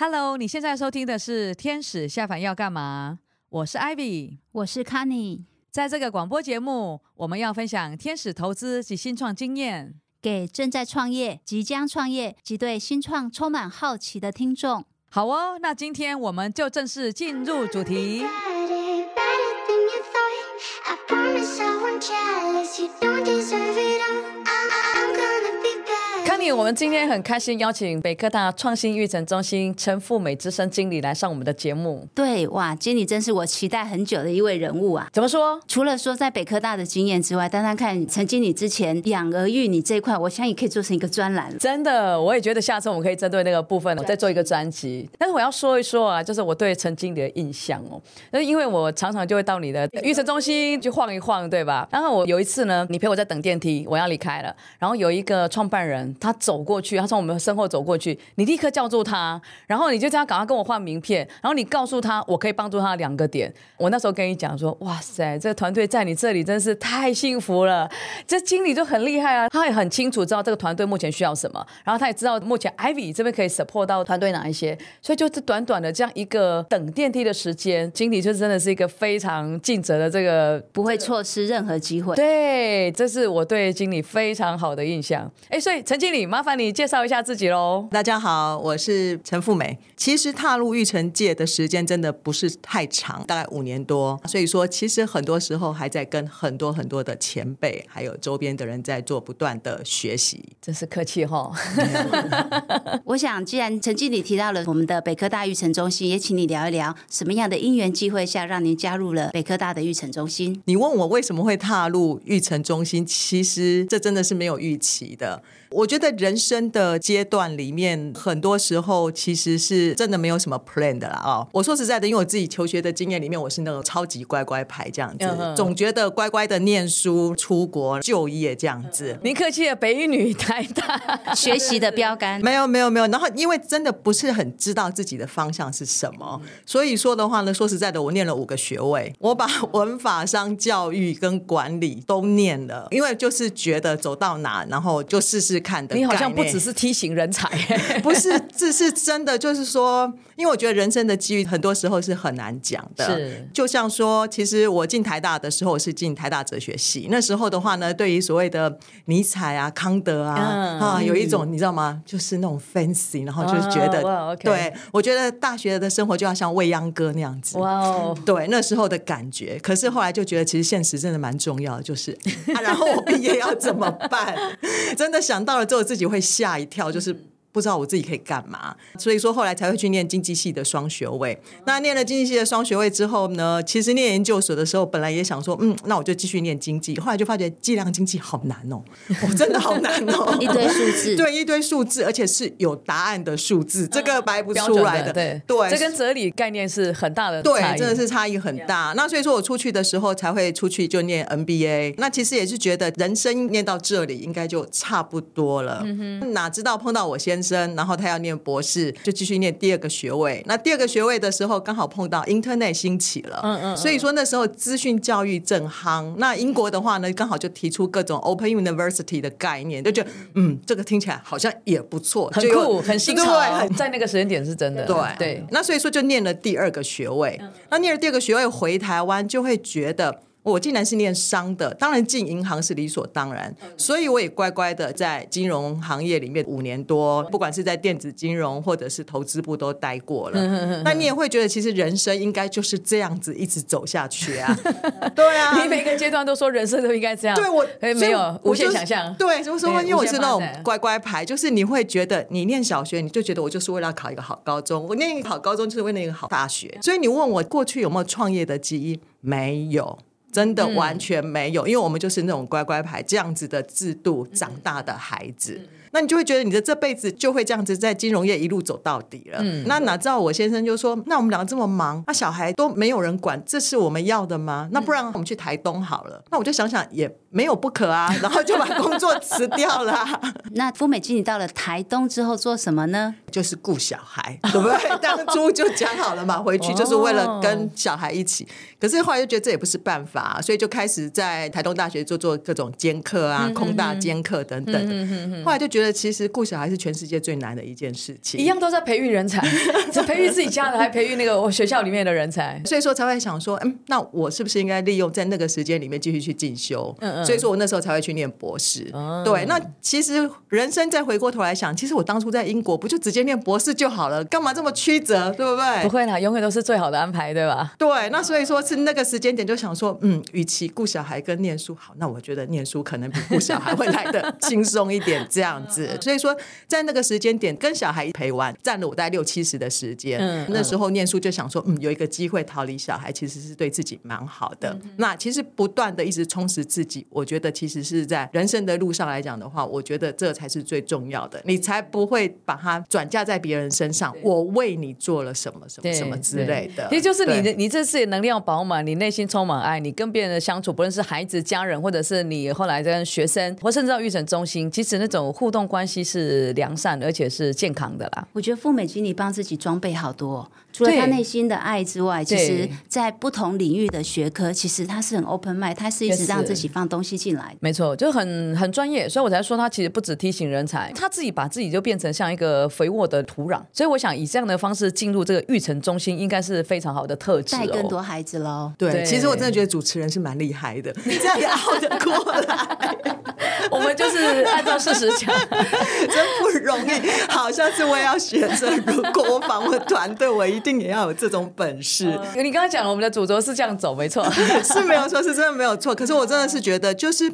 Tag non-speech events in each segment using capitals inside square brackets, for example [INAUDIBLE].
Hello，你現在收聽的是《天使下凡要幹嘛》。我是 Ivy，我是 Canny。在這個廣播節目，我們要分享天使投資及新創經驗，給正在創業、即將創業及對新創充滿好奇的聽眾。好哦，那今天我們就正式進入主題。I 我們今天很開心，邀請北科大創新育成中心陳富美資深經理來上我們的節目。對，哇，經理真是我期待很久的一位人物啊！怎麼說？除了說在北科大的經驗之外，單單看陳經理之前養兒育女這一塊，我相信可以做成一個專欄。真的，我也覺得下次我們可以針對那個部分呢，我再做一個專輯。集但是我要說一說啊，就是我對陳經理的印象哦，那因為我常常就會到你的育成中心去晃一晃，對吧？然後我有一次呢，你陪我在等電梯，我要離開了，然後有一個創辦人他走過去，他從我們身後走過去，你立刻叫住他，然後你就這樣趕快跟我換名片，然後你告訴他，我可以幫助他兩個點。我那時候跟你講說，哇塞，這個團隊在你這裡真是太幸福了。這經理就很厲害啊，他也很清楚知道這個團隊目前需要什麼，然後他也知道目前 Ivy 這邊可以 support 到團隊哪一些，所以就這短短的這樣一個等電梯的時間，經理就真的是一個非常盡責的這個，不會錯失任何機會。對，這是我對經理非常好的印象。哎，所以陳經理。麻煩你介紹一下自己嘍。大家好，我是陳富美。其實踏入育成界的時間真的不是太長，大概五年多。所以說，其實很多時候還在跟很多很多的前輩，還有周邊的人在做不斷的學習。真是客氣哈。哦、Yeah. [LAUGHS] 我想，既然陳經理提到了我們的北科大育成中心，也請你聊一聊什麼樣的因緣機會下讓您加入了北科大的育成中心。你問我為什麼會踏入育成中心，其實這真的是沒有預期的。我覺得。在人生的階段裡面，很多時候其實是真的沒有什麼 plan 的了哦、喔，我說實在的，因為我自己求學的經驗裡面，我是那種超級乖乖牌這樣子，uh huh. 總覺得乖乖的念書、出國、就業這樣子。Uh huh. 您客氣了，北女台大， [LAUGHS] 學習的標桿。 [LAUGHS] 沒有，沒有，沒有。然後因為真的不是很知道自己的方向是什麼，嗯、所以說的話呢，說實在的，我念了五個學位，我把文法、商、教育跟管理都念了，因為就是覺得走到哪，然後就試試看的。你好像不只是 T 型人才、欸， [LAUGHS] 不是，這是真的，就是說，因為我覺得人生的機遇很多時候是很難講的。是，就像說，其實我進台大的時候我是進台大哲學系，那時候的話呢，對於所謂的尼采啊、康德啊、嗯、啊，有一種你知道嗎？就是那種 fancy，然後就是覺得，哦 okay、對我覺得大學的生活就要像未央歌那樣子。哇哦，對那時候的感覺。可是後來就覺得，其實現實真的蠻重要的，就是，啊、然後我畢業要怎麼辦？ [LAUGHS] 真的想到了之後。自己會嚇一跳，就是。不知道我自己可以幹嘛，所以說後來才會去念經濟系的雙學位。那念了經濟系的雙學位之後呢，其實念研究所的時候，本來也想說，嗯，那我就繼續念經濟。後來就發覺計量經濟好難、喔、 [LAUGHS] 哦，我真的好難哦、喔，一堆數字，對，一堆數字，而且是有答案的數字，這個掰不出來的，嗯、的對，對這跟哲理概念是很大的，對，真的是差異很大。那所以說我出去的時候才會出去就念 MBA。那其實也是覺得人生念到這裡應該就差不多了。嗯哼，哪知道碰到我先生。然後他要念博士，就繼續念第二個學位。那第二個學位的時候，剛好碰到 internet 興起了，嗯嗯，嗯所以說那時候資訊教育正夯。那英國的話呢，剛好就提出各種 open university 的概念，就覺得嗯，這個聽起來好像也不錯，很酷，很新潮，對對，在那個時間點是真的，對對。對對，那所以說就念了第二個學位，那念了第二個學位回台灣，就會覺得。我既然是念商的，當然進銀行是理所當然，所以我也乖乖的在金融行業裡面五年多，不管是在電子金融或者是投資部都待過了。 [LAUGHS] 那你也會覺得，其實人生應該就是這樣子一直走下去啊？ [LAUGHS] 對啊，你每個階段都說人生都應該這樣。對我沒有以、就是、無限想象。對，就是說，說，因為我是那種乖乖牌，就是你會覺得，你念小學你就覺得我就是為了要考一個好高中，我念一個好高中就是為了一個好大學，所以你問我過去有沒有創業的基因，沒有。真的完全沒有，嗯、因為我們就是那種乖乖牌這樣子的制度、嗯、長大的孩子，嗯嗯、那你就會覺得你的這輩子就會這樣子在金融業一路走到底了。嗯、那哪知道我先生就說：“那我們兩個這麼忙，那、啊、小孩都沒有人管，這是我們要的嗎？那不然我們去台東好了。嗯”那我就想想也。沒有不可啊，然後就把工作辭掉了、啊。 [LAUGHS] 那富美君，你到了台東之後做什麼呢？就是顧小孩，對不對？ [LAUGHS] 當初就講好了嘛，回去就是為了跟小孩一起。哦、可是後來又覺得這也不是辦法、啊，所以就開始在台東大學做做各種兼課啊，嗯嗯嗯空大兼課等等。嗯嗯嗯嗯後來就覺得，其實顧小孩是全世界最難的一件事情。一樣都在培育人才，是 [LAUGHS] 培育自己家人，還培育那個我學校裡面的人才。所以說才會想說，嗯，那我是不是應該利用在那個時間裡面繼續去進修？嗯。所以說我那時候才會去念博士，嗯、對，那其實人生再回過頭來想，其實我當初在英國不就直接念博士就好了，幹嘛這麼曲折，對不對？不會啦，永遠都是最好的安排，對吧？對，那所以說是那個時間點就想說，嗯，與其顧小孩跟念書好，那我覺得念書可能比顧小孩會來的輕鬆一點， [LAUGHS] 這樣子。所以說在那個時間點跟小孩一陪玩佔了我大概六七十的時間，嗯、那時候念書就想說，嗯，有一個機會逃離小孩，其實是對自己蠻好的。嗯、哼那其實不斷的一直充實自己。我覺得其實是在人生的路上來講的話，我覺得這才是最重要的。你才不會把它轉嫁在別人身上。對我為你做了什麼什麼什麼之類的，其實就是你的對你自己能量飽滿，你內心充滿愛，你跟別人的相處，不論是孩子、家人，或者是你後來跟學生，或者甚至到育成中心，其實那種互動關係是良善而且是健康的啦。我覺得富美經理幫自己裝備好多。除了他內心的愛之外，對其實在不同領域的學科，對其實他是很 open mind，他是一直讓自己放東西進來的。Yes. 沒錯，就很很專業，所以我才說他其實不止梯形人才，他自己把自己就變成像一個肥沃的土壤。所以我想以這樣的方式進入這個育成中心，應該是非常好的特質、哦，帶更多孩子嘍。對，對其實我真的覺得主持人是蠻厲害的，你 [LAUGHS] 這樣也熬得過來， [LAUGHS] [LAUGHS] 我們就是按照事實講， [LAUGHS] 真不容易。好像是我也要選這個國防的團隊，我一定。也要有這種本事。嗯，你剛剛講，我們的主軸是這樣走，沒錯， [LAUGHS] [LAUGHS] 是沒有錯，是真的沒有錯。可是我真的是覺得，就是。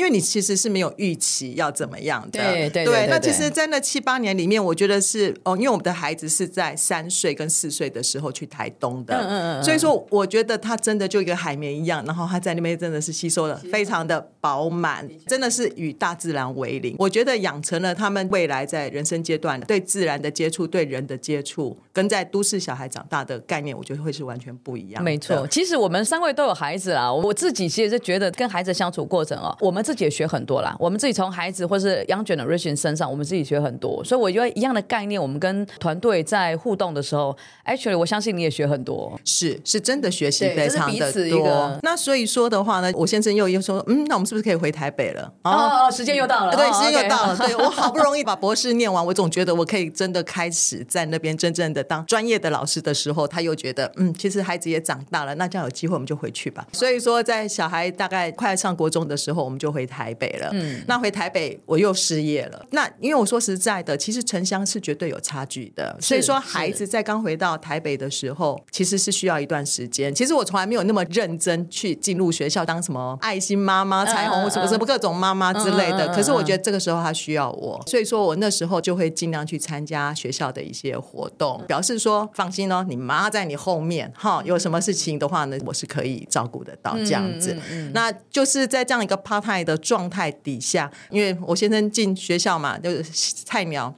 因為你其實是沒有預期要怎麼樣的，對對對，對，對，對。那其實，在那七八年裡面，我覺得是哦，因為我們的孩子是在三歲跟四歲的時候去台東的，嗯嗯嗯嗯，所以說我覺得他真的就一個海綿一樣，然後他在那邊真的是吸收了非常的飽滿，真的是與大自然為鄰。我覺得養成了他們未來在人生階段對自然的接觸、對人的接觸，跟在都市小孩長大的概念，我覺得會是完全不一樣。沒錯，其實我們三位都有孩子啊，我自己其實是覺得跟孩子相處過程哦，我們。自己也學很多啦。我們自己從孩子或是 young generation 身上，我們自己學很多。所以我覺得一樣的概念，我們跟團隊在互動的時候，actually 我相信你也學很多。是，是真的學習非常的多。一個那所以說的話呢，我先生又又說，嗯，那我們是不是可以回台北了？哦，哦，時間又到了，行對，時間又到了。哦、okay, 對我好不容易把博士念完， [LAUGHS] 我總覺得我可以真的開始在那邊真正的當專業的老師的時候，他又覺得，嗯，其實孩子也長大了，那這樣有機會我們就回去吧。所以說，在小孩大概快上國中的時候，我們就。回台北了，嗯，那回台北我又失業了。那因為我說實在的，其實城鄉是絕對有差距的。是所以說，孩子在剛回到台北的時候，是其實是需要一段時間。是其實我從來沒有那麼認真去進入學校當什麼愛心媽媽、彩虹或什麼什麼各種媽媽之類的。Uh, uh, 可是我覺得這個時候他需要我，uh, uh, uh, uh, 所以說我那時候就會儘量去參加學校的一些活動，表示說放心哦，你媽在你後面哈、哦，有什麼事情的話呢，我是可以照顧得到、嗯、這樣子。嗯嗯、那就是在這樣一個 part time。的狀態底下，因為我先生進學校嘛，就是菜苗。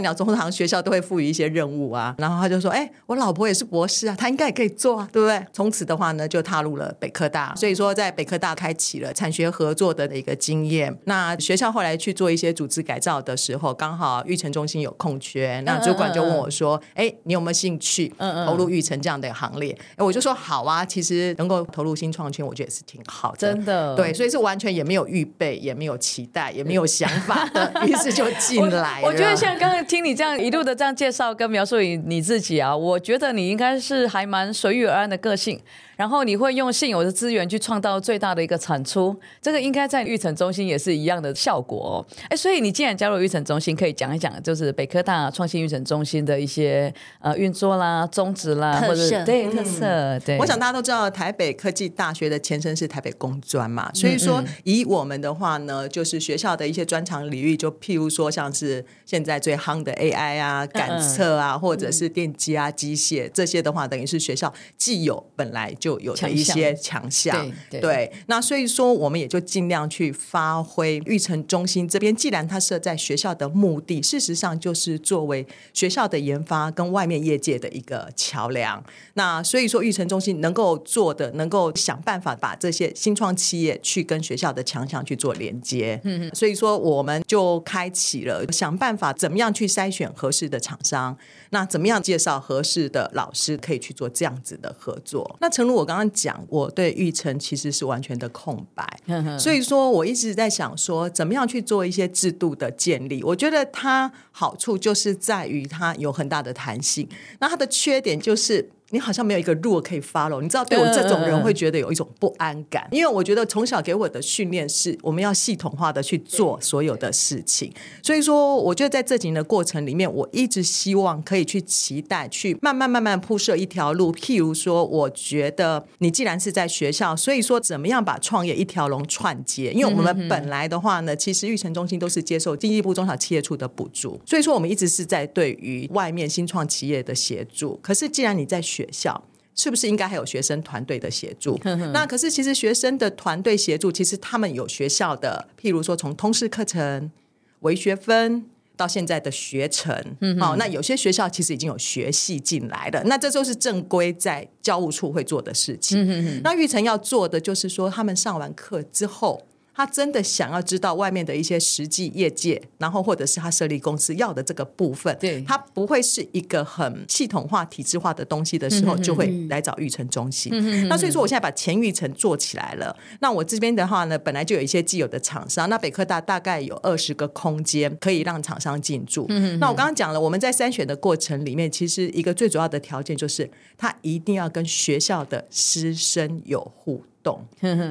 菜鳥通常學校都會賦予一些任務啊，然後他就說：“哎、欸，我老婆也是博士啊，她應該也可以做啊，對不對？”從此的話呢，就踏入了北科大，所以說在北科大開啟了產學合作的一個經驗。那學校後來去做一些組織改造的時候，剛好育成中心有空缺，那主管就問我說：“哎、嗯嗯嗯欸，你有沒有興趣投入育成這樣的行列？”哎、嗯嗯，我就說：“好啊，其實能夠投入新創圈，我覺得也是挺好的。”真的、哦，對，所以是完全也沒有預備，也沒有期待，也沒有想法的，於 [LAUGHS] 是就進來了我。我覺得像剛剛。聽你這樣一路的這樣介紹跟描述你你自己啊，我覺得你應該是還蠻隨遇而安的個性。然後你會用現有的資源去創造最大的一個產出，這個應該在育成中心也是一樣的效果哦。哎，所以你既然加入育成中心，可以講一講，就是北科大創新育成中心的一些呃運作啦、宗旨啦，或者是、對、嗯、特色。對，我想大家都知道台北科技大學的前身是台北工專嘛，所以說以我們的話呢，嗯嗯就是學校的一些專長領域，就譬如說像是現在最夯的 AI 啊、感測啊，嗯嗯或者是電機啊、機械這些的話，等於是學校既有本來就有的一些強項，對，對，對，那所以說我們也就盡量去發揮育成中心這邊。既然它設在學校的目的，事實上就是作為學校的研發跟外面業界的一個橋樑。那所以說育成中心能夠做的，能夠想辦法把這些新創企業去跟學校的強項去做連接。嗯、嗯，所以說我們就開啟了想辦法怎麼樣去篩選合適的廠商，那怎麼樣介紹合適的老師可以去做這樣子的合作。那成我剛剛講，我對育成其實是完全的空白， [LAUGHS] 所以說我一直在想說，怎麼樣去做一些制度的建立。我覺得它好處就是在於它有很大的彈性，那它的缺點就是，你好像沒有一個路可以 follow，你知道對我這種人會覺得有一種不安感，嗯、因為我覺得從小給我的訓練是我們要系統化的去做所有的事情，對所以說我覺得在這幾年的過程裡面，我一直希望可以去期待，去慢慢慢慢鋪設一條路。譬如說，我覺得你既然是在學校，所以說怎麼樣把創業一條龍串接？因為我們本來的話呢，其實育成中心都是接受經濟部中小企業處的補助，所以說我們一直是在對於外面新創企業的協助。可是既然你在學，學校是不是應該還有學生團隊的協助？呵呵，那可是其實學生的團隊協助，其實他們有學校的，譬如說從通識課程、微學分到現在的學程，好、嗯哼哦，那有些學校其實已經有學系進來了，那這就是正規在教務處會做的事情。嗯、哼哼，那育成要做的就是說，他們上完課之後，他真的想要知道外面的一些實際業界，然後或者是他設立公司要的這個部分。對，他不會是一個很系統化、體制化的東西的時候，就會來找育成中心。 [LAUGHS] 那所以說，我現在把前育成做起來了。 [LAUGHS] 那我這邊的話呢，本來就有一些既有的廠商。那北科大大概有二十個空間可以讓廠商進駐。 [LAUGHS] 那我剛剛講了，我們在篩選的過程裡面，其實一個最主要的條件就是，他一定要跟學校的師生有互。懂，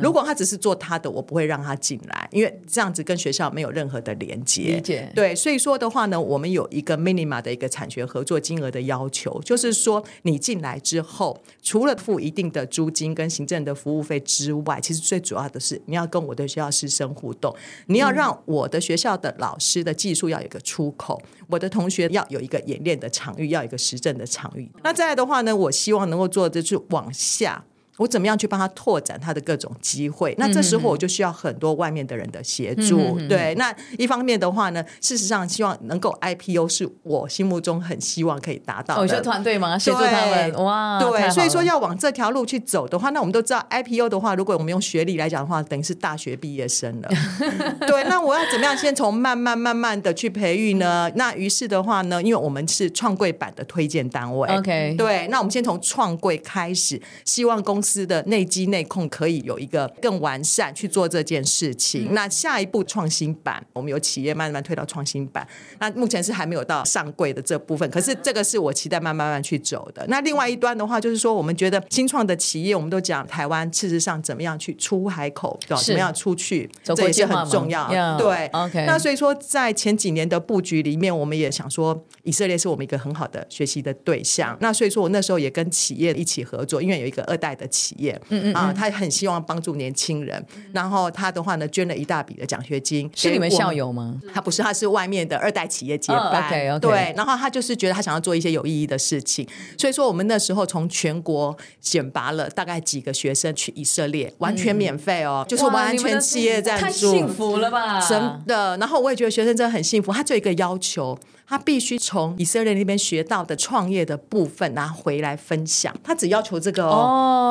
如果他只是做他的，我不會讓他進來，因為這樣子跟學校沒有任何的連接。理解，對，所以說的話呢，我們有一個 minima 的一個產學合作金額的要求，就是說你進來之後，除了付一定的租金跟行政的服務費之外，其實最主要的是你要跟我的學校師生互動，嗯、你要讓我的學校的老師的技術要有一個出口，我的同學要有一個演練的場域，要有一個實證的場域。那再來的話呢，我希望能夠做的就是往下。我怎麼樣去幫他拓展他的各種機會？那這時候我就需要很多外面的人的協助。嗯、哼哼對，那一方面的話呢，事實上希望能夠 IPO 是我心目中很希望可以達到的、哦、團隊嗎？協助他們對哇，對，所以說要往這條路去走的話，那我們都知道 IPO 的話，如果我們用學歷來講的話，等於是大學畢業生了。 [LAUGHS] 對，那我要怎麼樣先從慢慢慢慢的去培育呢？那於是的話呢，因為我們是創櫃板的推薦單位，OK，對，那我們先從創櫃開始，希望公司。司的內稽內控可以有一個更完善去做這件事情。嗯、那下一步創新板，我們有企業慢慢推到創新板。那目前是還沒有到上櫃的這部分，可是這個是我期待慢慢慢慢去走的。那另外一端的話，就是說我們覺得新創的企業，我們都講台灣事實上怎麼樣去出海口，是怎麼樣出去，這也是很重要。Yeah, okay. 對，OK。那所以說，在前幾年的布局裡面，我們也想說以色列是我們一個很好的學習的對象。那所以說我那時候也跟企業一起合作，因為有一個二代的。企業，嗯嗯，他很希望幫助年輕人，然後他的話呢，捐了一大筆的獎學金。是你們校友嗎？他不是，他是外面的二代企業接拜。Oh, okay, okay. 對，然後他就是覺得他想要做一些有意義的事情，所以說我們那時候從全國選拔了大概幾個學生去以色列，完全免費哦，嗯、就是完全企業贊助，太幸福了吧？真的，然後我也覺得學生真的很幸福。他做一個要求。他必須從以色列那邊學到的創業的部分，然後回來分享。他只要求這個哦，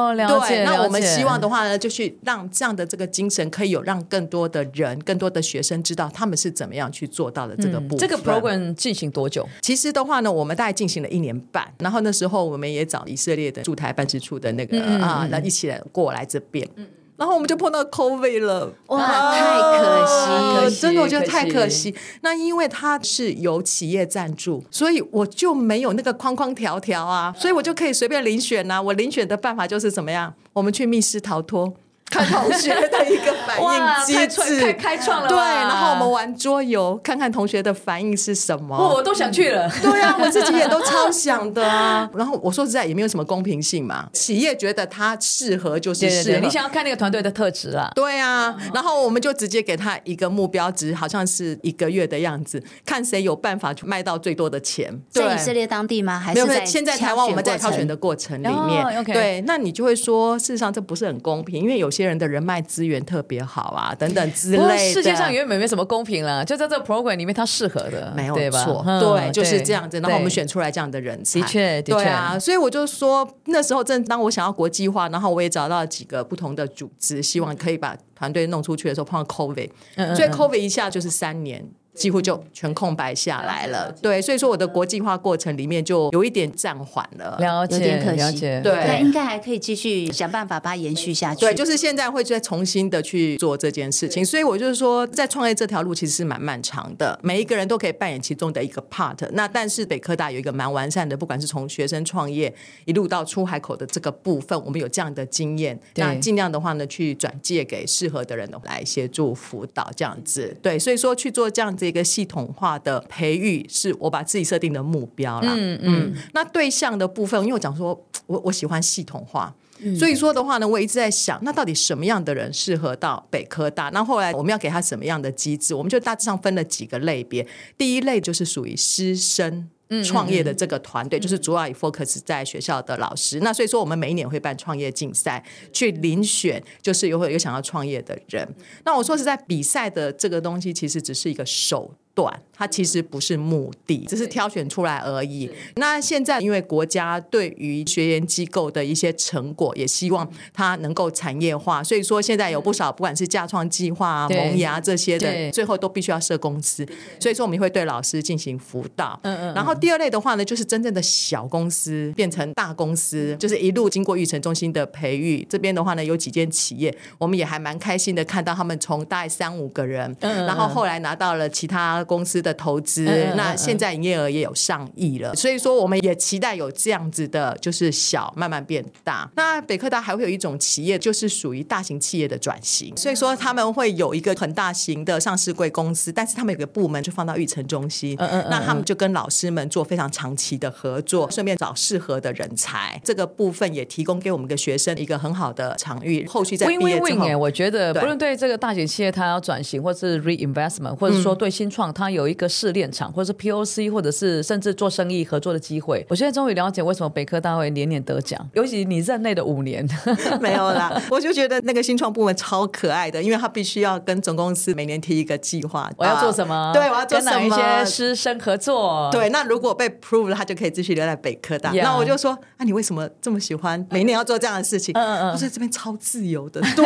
哦了解，對。那我們希望的話呢，就去讓這樣的這個精神可以有讓更多的人、更多的學生知道他們是怎麼樣去做到的這個部分，嗯。這個 program 進行多久？其實的話呢，我們大概進行了一年半，然後那時候我們也找以色列的駐台辦事處的那個、嗯、啊，那一起來過來這邊。嗯然後我們就碰到 COVID 了，啊、哇，太可惜，可惜真的可惜，我覺得太可惜。可惜那因為它是由企業贊助，所以我就沒有那個框框條條啊，所以我就可以隨便遴選吶、啊。我遴選的辦法就是怎麼樣？我們去密室逃脫。 [LAUGHS] 看同學的一個反應機制太，太開創了。對，然後我們玩桌遊，看看同學的反應是什麼。哦、我都想去了。對啊，我自己也都超想的、啊。 [LAUGHS] 然後我說實在也沒有什麼公平性嘛。企業覺得它適合就是適合。你想要看那個團隊的特質啊？對啊。然後我們就直接給他一個目標值，好像是一個月的樣子，看誰有辦法賣到最多的錢。在以色列當地嗎？還是在現在台灣？我們在挑選的過程裡面。哦 okay、對，那你就會說，事實上這不是很公平，因為有些。些人的人脈資源特別好啊，等等之類的。不過世界上原本沒什麼公平了，就在這個 program 裡面，他適合的，沒有錯，對吧？嗯、對，對就是這樣子。對然後我們選出來這樣的人才，的確，對啊。對啊，所以我就說，那時候正當我想要國際化，然後我也找到了幾個不同的組織，希望可以把團隊弄出去的時候，碰到 COVID，、嗯嗯、所以 COVID 一下就是三年。幾乎就全空白下來了，對，對對，所以說我的國際化過程裡面就有一點暫緩了，了解，有點可惜，了解，對，那對應該還可以繼續想辦法把它延續下去。對，就是現在會再重新的去做這件事情，對所以我就是說，在創業這條路其實是蠻漫長的，每一個人都可以扮演其中的一個 part。那但是北科大有一個蠻完善的，不管是從學生創業一路到出海口的這個部分，我們有這樣的經驗，對那儘量的話呢，去轉介給適合的人來協助輔導這樣子。對，所以說去做這樣。這個系統化的培育是我把自己設定的目標啦，嗯。嗯嗯，那對象的部分，因為我講說，我我喜歡系統化，嗯、所以說的話呢，我一直在想，那到底什麼樣的人適合到北科大？那後，後來我們要給他什麼樣的機制？我們就大致上分了幾個類別，第一類就是屬於師生。創業的這個團隊就是主要以 focus 在學校的老師，那所以說我們每一年會辦創業競賽，去遴選就是有會有想要創業的人。那我說實在比賽的這個東西，其實只是一個手短，它其實不是目的，嗯、只是挑選出來而已。對那現在因為國家對於學研機構的一些成果，也希望它能夠產業化，所以說現在有不少、嗯、不管是價創計畫、對萌芽這些的，對最後都必須要設公司。對所以說我們會對老師進行輔導。嗯嗯。然後第二類的話呢，就是真正的小公司變成大公司，嗯、就是一路經過育成中心的培育。這邊的話呢，有幾間企業，我們也還蠻開心的看到他們從大概三五個人，嗯、然後後來拿到了其他。公司的投資，那現在營業額也有上億了，所以說我們也期待有這樣子的，就是小慢慢變大。那北科大還會有一種企業，就是屬於大型企業的轉型，所以說他們會有一個很大型的上市櫃公司，但是他們有個部門就放到育成中心，那他們就跟老師們做非常長期的合作，順便找適合的人才，這個部分也提供給我們的學生一個很好的場域，後續再畢業之後。我覺得，不論對這個大型企業，它要轉型，或是 reinvestment，或者說對新創。他有一個試煉場，或者是 POC，或者是甚至做生意合作的機會。我現在終於了解為什麼北科大會年年得獎，尤其你任內的五年， [LAUGHS] 沒有啦，我就覺得那個新創部門超可愛的，因為他必須要跟總公司每年提一個計劃。我要做什麼？呃、對，我要做什麼跟哪一些師生合作？合作對，那如果被 prove 了，他就可以繼續留在北科大。Yeah. 那我就說，那、哎、你為什麼這麼喜歡每年要做這樣的事情？嗯嗯，因、嗯、為、嗯、這邊超自由的多，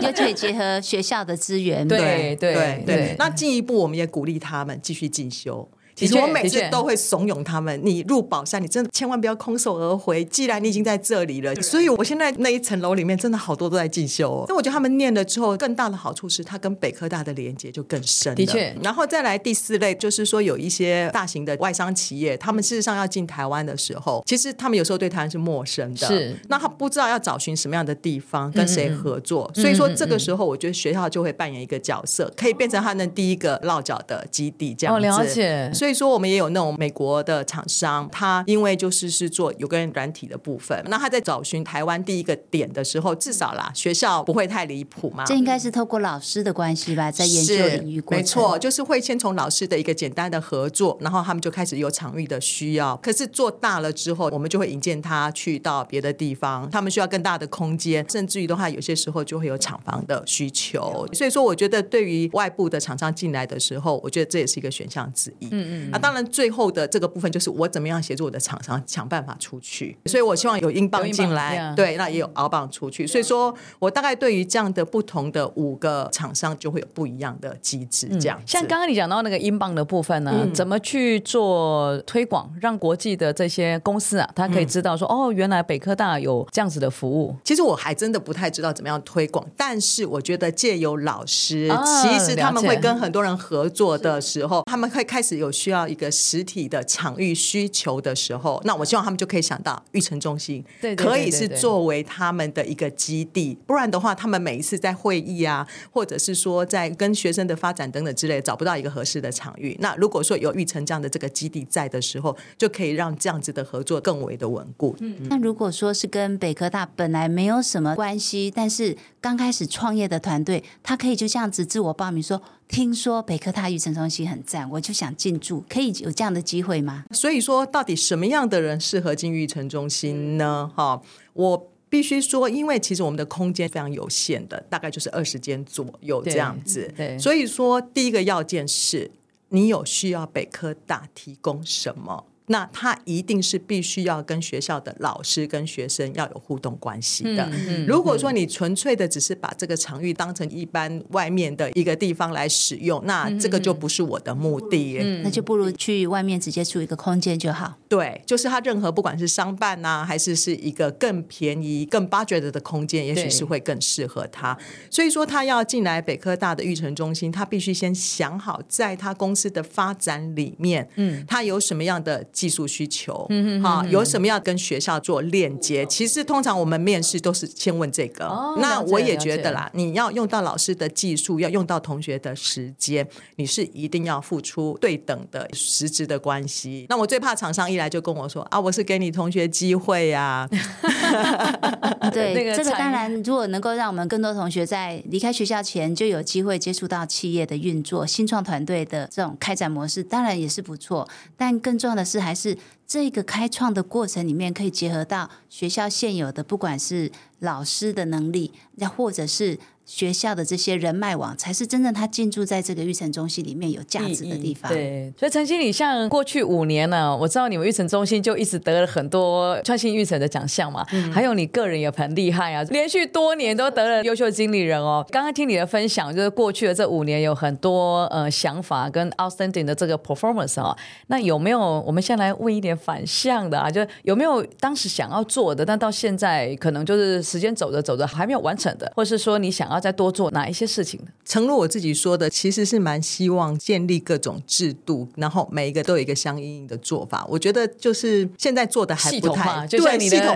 可以 [LAUGHS] [LAUGHS] 結合學校的資源。對對對，那進一步。我們也鼓勵他們繼續進修。其實我每次都會慫恿他們，你入寶山，你真的千萬不要空手而回。既然你已經在這裡了，所以我現在那一層樓裡面真的好多都在進修。哦。那我覺得他們念了之後，更大的好處是他跟北科大的連接就更深了。的確，然後再來第四類就是說，有一些大型的外商企業，他們事實上要進台灣的時候，其實他們有時候對台灣是陌生的，是那他不知道要找尋什麼樣的地方跟誰合作。所以說這個時候，我覺得學校就會扮演一個角色，可以變成他的第一個落腳的基地。這樣子，了解。所以說，我們也有那種美國的廠商，他因為就是是做有個人軟體的部分。那他在找尋台灣第一個點的時候，至少啦，學校不會太離譜嘛。這應該是透過老師的關係吧，在研究領域過，沒錯，就是會先從老師的一個簡單的合作，然後他們就開始有場域的需要。可是做大了之後，我們就會引薦他去到別的地方，他們需要更大的空間，甚至於的話，有些時候就會有廠房的需求。所以說，我覺得對於外部的廠商進來的時候，我覺得這也是一個選項之一。嗯嗯。那當然，最後的這個部分就是我怎麼樣協助我的廠商想辦法出去。所以我希望有 inbound 進來，對，那也有 outbound 出去。所以說，我大概對於這樣的不同的五個廠商，就會有不一樣的機制。這樣，像剛剛你講到那個 inbound 的部分呢，怎麼去做推廣，讓國際的這些公司啊，他可以知道說，哦，原來北科大有這樣子的服務？其實我還真的不太知道怎麼樣推廣，但是我覺得借由老師，其實他們會跟很多人合作的時候，他們會開始有。需要一個實體的場域需求的時候，那我希望他們就可以想到育成中心，可以是作為他們的一個基地。不然的話，他們每一次在會議啊，或者是說在跟學生的發展等等之類的，找不到一個合適的場域。那如果說有育成這樣的這個基地在的時候，就可以讓這樣子的合作更為的穩固。嗯，那如果說是跟北科大本來沒有什麼關係，但是剛開始創業的團隊，他可以就這樣子自我報名說。聽說北科大育成中心很讚，我就想進駐，可以有這樣的機會嗎？所以說，到底什麼樣的人適合進育成中心呢？哈對，我必須說，因為其實我們的空間非常有限的，大概就是二十間左右對這樣子。對，所以說第一個要件是你有需要北科大提供什麼？那他一定是必須要跟學校的老師跟學生要有互動關係的。嗯嗯、如果說你純粹的只是把這個場域當成一般外面的一個地方來使用，嗯、那這個就不是我的目的。嗯、那就不如去外面直接租一個空間就好。嗯、就就好，對,就是他任何不管是商辦啊，還是是一個更便宜、更 budget 的空間，也許是會更適合他。對所以說他要進來北科大的育成中心，他必須先想好在他公司的發展裡面，嗯，他有什麼樣的。技術需求，嗯哼，有什麼要跟學校做鏈接？哦、其實通常我們面試都是先問這個。哦、那我也覺得啦，了解、了解你要用到老師的技術，要用到同學的時間，你是一定要付出對等的實質的關係。那我最怕廠商一來就跟我說啊，我是給你同學機會呀、啊。 [LAUGHS] [LAUGHS] 對，個這個當然，如果能夠讓我們更多同學在離開學校前就有機會接觸到企業的運作、嗯、新創團隊的這種開展模式，當然也是不錯。但更重要的是。還是這個開創的過程裡面，可以結合到學校現有的，不管是老師的能力，那或者是。學校的這些人脈網，才是真正他進駐在這個育成中心裡面有價值的地方。嗯嗯、對，所以陳經理，像過去五年呢、啊，我知道你們育成中心就一直得了很多創新育成的獎項嘛，嗯、還有你個人也很厲害啊，連續多年都得了優秀經理人哦。剛剛聽你的分享，就是過去的這五年有很多呃想法跟 outstanding 的這個 performance 哦、啊。那有沒有我們先來問一點反向的啊？就有沒有當時想要做的，但到現在可能就是時間走着走着還沒有完成的，或是說你想要？要再多做哪一些事情呢？誠如我自己說的，其實是蠻希望建立各種制度，然後每一個都有一個相應的做法。我覺得就是現在做的還不太，就系統化就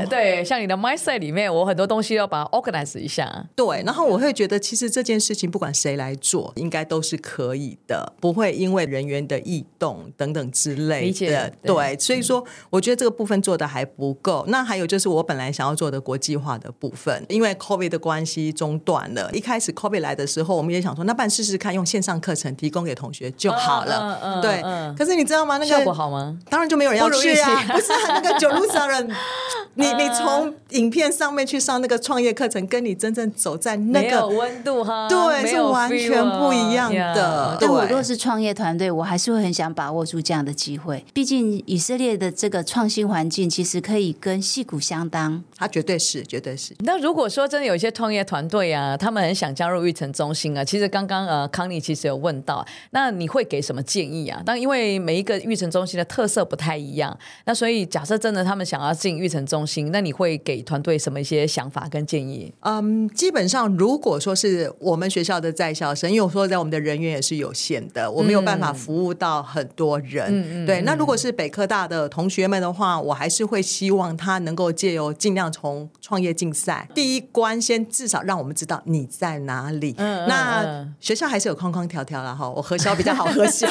對，像你的 mindset 裡面，我很多東西要把它 organize 一下。對，然後我會覺得，其實這件事情不管誰來做，應該都是可以的，不會因為人員的異動等等之類的。理解對，對所以說，我覺得這個部分做的還不夠。嗯、那還有就是我本來想要做的國際化的部分，因為 COVID 的關係中斷了。一開始 COVID 來的時候，我們也想說，那辦試試看，用線上課程提供給同學就好了。啊啊啊、對，可是你知道嗎？那個效果好嗎？當然就沒有人要去啊！不，去 [LAUGHS] 不是、啊、那個九路上人，啊、你你從影片上面去上那個創業課程，跟你真正走在那個溫度哈，對，是完全不一樣的。啊、對但我如果是創業團隊，我還是會很想把握住這樣的機會，畢竟以色列的這個創新環境其實可以跟矽谷相當。他、啊、絕對是，絕對是。那如果說真的有一些創業團隊啊，他們很想加入育成中心啊！其實剛剛呃，康妮其實有問到，那你會給什麼建議啊？當因為每一個育成中心的特色不太一樣，那所以假設真的他們想要進育成中心，那你會給團隊什麼一些想法跟建議？嗯，基本上如果說是我們學校的在校生，因為我說在我們的人員也是有限的，我沒有辦法服務到很多人。嗯、對，嗯、那如果是北科大的同學們的話，我還是會希望他能夠借由盡量從創業競賽第一關先至少讓我們知道你。在哪裡？嗯、那、嗯嗯嗯、學校還是有框框條條啦。哈。我核銷比較好核銷，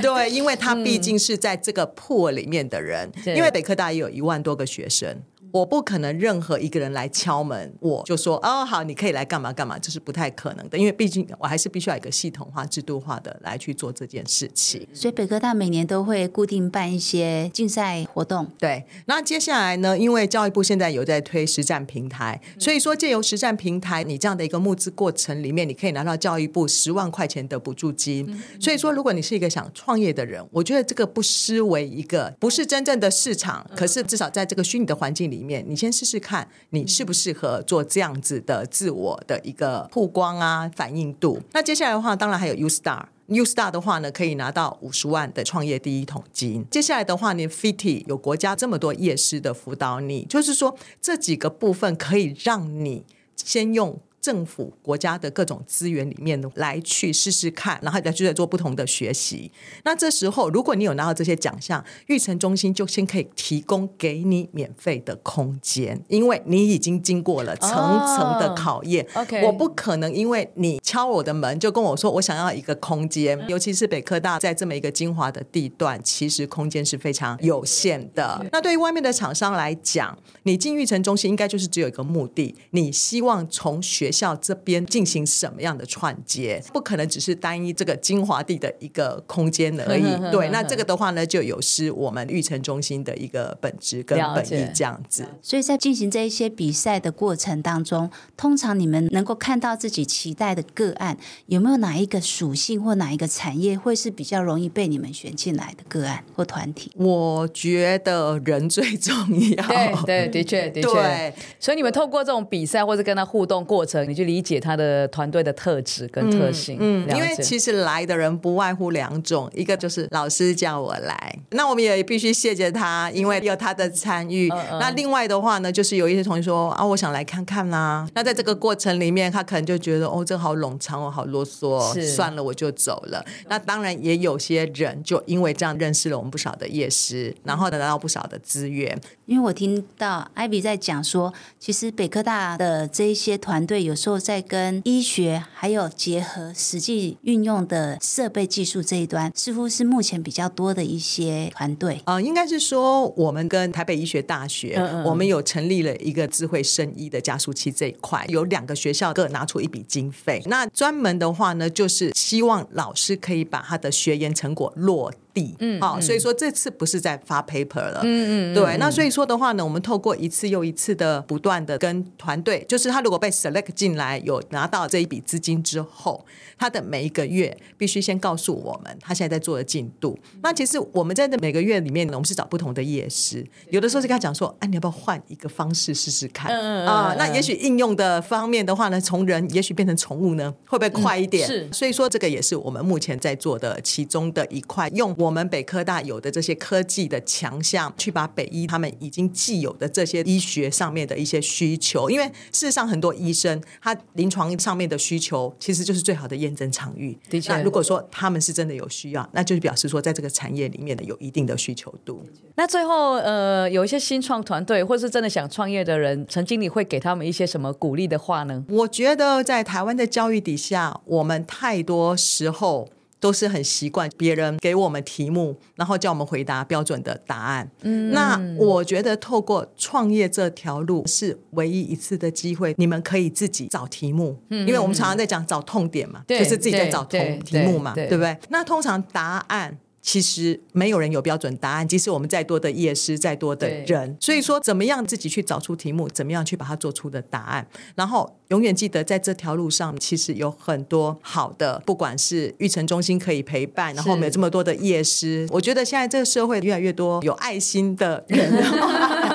對，因為他畢竟是在這個 pool 裡面的人，嗯、因為北科大也有一萬多個學生。我不可能任何一個人來敲門，我就說哦好，你可以來幹嘛幹嘛，這是不太可能的，因為畢竟我還是必須要一個系統化、制度化的來去做這件事情。所以北科大每年都會固定辦一些競賽活動。對，那接下來呢？因為教育部現在有在推實戰平台，嗯。所以說借由實戰平台，你這樣的一個募資過程裡面，你可以拿到教育部十萬塊錢的補助金。嗯嗯。所以說，如果你是一個想創業的人，我覺得這個不失為一個不是真正的市場，可是至少在這個虛擬的環境裡面，你先試試看，你適不適合做這樣子的自我的一個曝光啊，反應度。那接下來的話，當然還有 U Star，U Star 的話呢，可以拿到五十萬的創業第一桶金。接下來的話呢，FITI 有國家這麼多業師的輔導，你就是說這幾個部分可以讓你先用。政府國家的各種資源裡面來去試試看，然後再去做不同的學習。那這時候，如果你有拿到這些獎項，育成中心就先可以提供給你免費的空間，因為你已經經過了層層的考驗。Oh, OK，我不可能因為你敲我的門就跟我說我想要一個空間，尤其是北科大在這麼一個精華的地段，其實空間是非常有限的。那對於外面的廠商來講，你進育成中心應該就是只有一個目的，你希望從學校這邊進行什麼樣的串接，不可能只是單一這個精華地的一個空間而已。 [LAUGHS] 對，那這個的話呢，就有失我們育成中心的一個本質跟本意這樣子。了解。所以在進行這一些比賽的過程當中，通常你們能夠看到自己期待的個案，有沒有哪一個屬性或哪一個產業會是比較容易被你們選進來的個案或團體？我覺得人最重要。對，對，的確，的確。對。所以你們透過這種比賽或者跟他互動過程。你去理解他的團隊的特質跟特性，嗯嗯、解因為其實來的人不外乎兩種，一個就是老師叫我來，那我們也必須謝謝他，因為有他的參與。嗯嗯、那另外的話呢，就是有一些同學說啊，我想來看看啦、啊。那在這個過程裡面，他可能就覺得哦，這好冗長哦，我好囉嗦，是算了，我就走了。那當然也有些人就因為這樣認識了我們不少的業師，然後得到不少的資源。因為我聽到艾比在講說，其實北科大的這一些團隊有。有時候在跟醫學還有結合實際運用的設備技術這一端，似乎是目前比較多的一些團隊啊、呃，應該是說我們跟台北醫學大學，嗯嗯，我們有成立了一個智慧生醫的加速器這一塊，有兩個學校各拿出一筆經費，那專門的話呢，就是希望老師可以把他的學研成果落。地嗯，嗯，好、啊，所以說這次不是在發 paper 了，嗯嗯，嗯對，嗯、那所以說的話呢，我們透過一次又一次的不斷的跟團隊，就是他如果被 select 進來，有拿到這一筆資金之後，他的每一個月必須先告訴我們他現在在做的進度。嗯、那其實我們在這每個月裡面呢，我們是找不同的業師，有的時候是跟他講說，哎、啊，你要不要換一個方式試試看？啊，那也許應用的方面的話呢，從人也許變成寵物呢，會不會快一點？嗯、是，所以說這個也是我們目前在做的其中的一塊用，我們北科大有的這些科技的強項，去把北醫他們已經既有的這些醫學上面的一些需求，因為事實上很多醫生他臨床上面的需求，其實就是最好的驗證場域。對，對，那如果說他們是真的有需要，那就是表示說在這個產業裡面的有一定的需求度。對，對，那最後，呃，有一些新創團隊或是真的想創業的人，陳經理會給他們一些什麼鼓勵的話呢？我覺得在台灣的教育底下，我們太多時候。都是很習慣別人給我們題目，然後叫我們回答標準的答案。嗯，那我覺得透過創業這條路是唯一一次的機會，你們可以自己找題目，嗯，因為我們常常在講找痛點嘛，對就是自己在找痛題目嘛，對，對，對，對，對不對？那通常答案。其實沒有人有標準答案，即使我們再多的業師，再多的人，對所以說怎麼樣自己去找出題目，怎麼樣去把它做出的答案，然後永遠記得在這條路上，其實有很多好的，不管是育成中心可以陪伴，然後我們有這麼多的業師，是我覺得現在這個社會越來越多有愛心的人。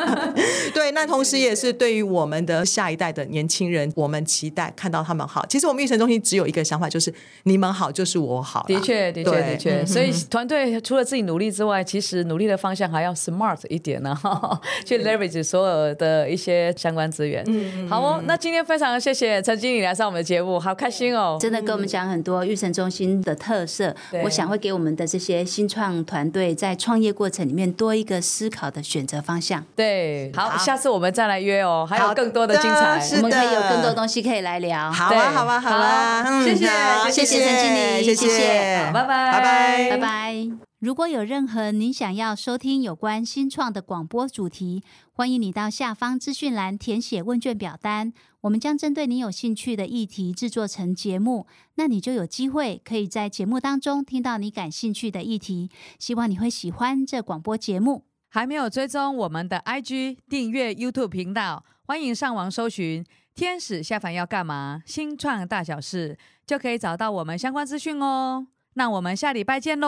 [LAUGHS] [LAUGHS] [LAUGHS] 對，那同時也是對於我們的下一代的年輕人，我們期待看到他們好。其實我們育成中心只有一個想法，就是你們好就是我好。的確，的確，對的確。所以團隊除了自己努力之外，其實努力的方向還要 smart 一點呢，然後去 leverage 所有的一些相關資源。對好哦。那今天非常謝謝陳經理來上我們的節目，好開心哦。真的給我們講很多育成中心的特色，嗯、對我想會給我們的這些新創團隊在創業過程裡面多一個思考的選擇方向。對。好，下次我們再來約哦。還有更多的精彩，我們可以有更多東西可以來聊。好啊，好啊，好啊，謝謝，謝謝陳經理，謝謝，好，拜拜，拜拜，拜拜。如果有任何您想要收聽有關新創的廣播主題，歡迎你到下方資訊欄填寫問卷表單，我們將針對你有興趣的議題製作成節目，那你就有機會可以在節目當中聽到你感興趣的議題。希望你會喜歡這廣播節目。還沒有追蹤我們的 IG，訂閱 YouTube 頻道，歡迎上網搜尋“天使下凡要幹嘛”，新創大小事就可以找到我們相關資訊哦。那我們下禮拜見嘍，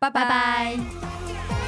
拜拜。Bye bye。